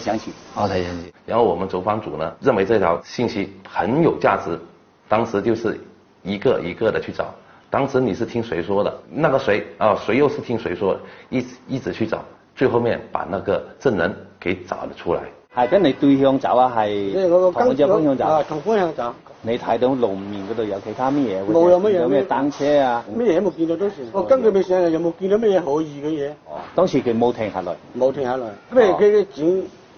詳細，哦、oh，然後我們走訪組呢，認為這條信息很有價值，當時就是一個一個的去找。當時你是聽誰說的？那個誰？啊，誰又是聽誰說的？一一直去找，最後面把那個證人給找了出來。係跟你對向走啊？係跟嗰方向走、啊，同方向走。你睇到路面嗰度有其他乜嘢？冇有乜嘢？有咩單車啊？乜嘢都冇見到，當時我跟本咪上嚟，有冇見到乜嘢可疑嘅嘢？哦，當時佢冇停下來，冇停下來。佢、哦